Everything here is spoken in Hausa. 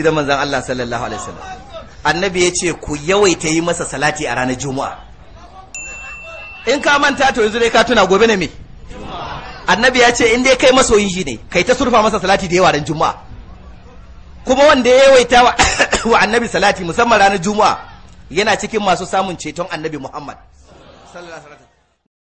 da manzan Allah sallallahu alaihi wasallam annabi ya ce ku yawaita yi masa salati a ranar juma'a in ka manta to yanzu dai ka tuna gobe ne me annabi ya ce in dai kai masoyin shi ne kai ta surfa masa salati da yawa ran juma'a kuma wanda ya yawaita wa annabi salati musamman ranar juma'a yana cikin masu samun ceton annabi muhammad sallallahu alaihi wasallam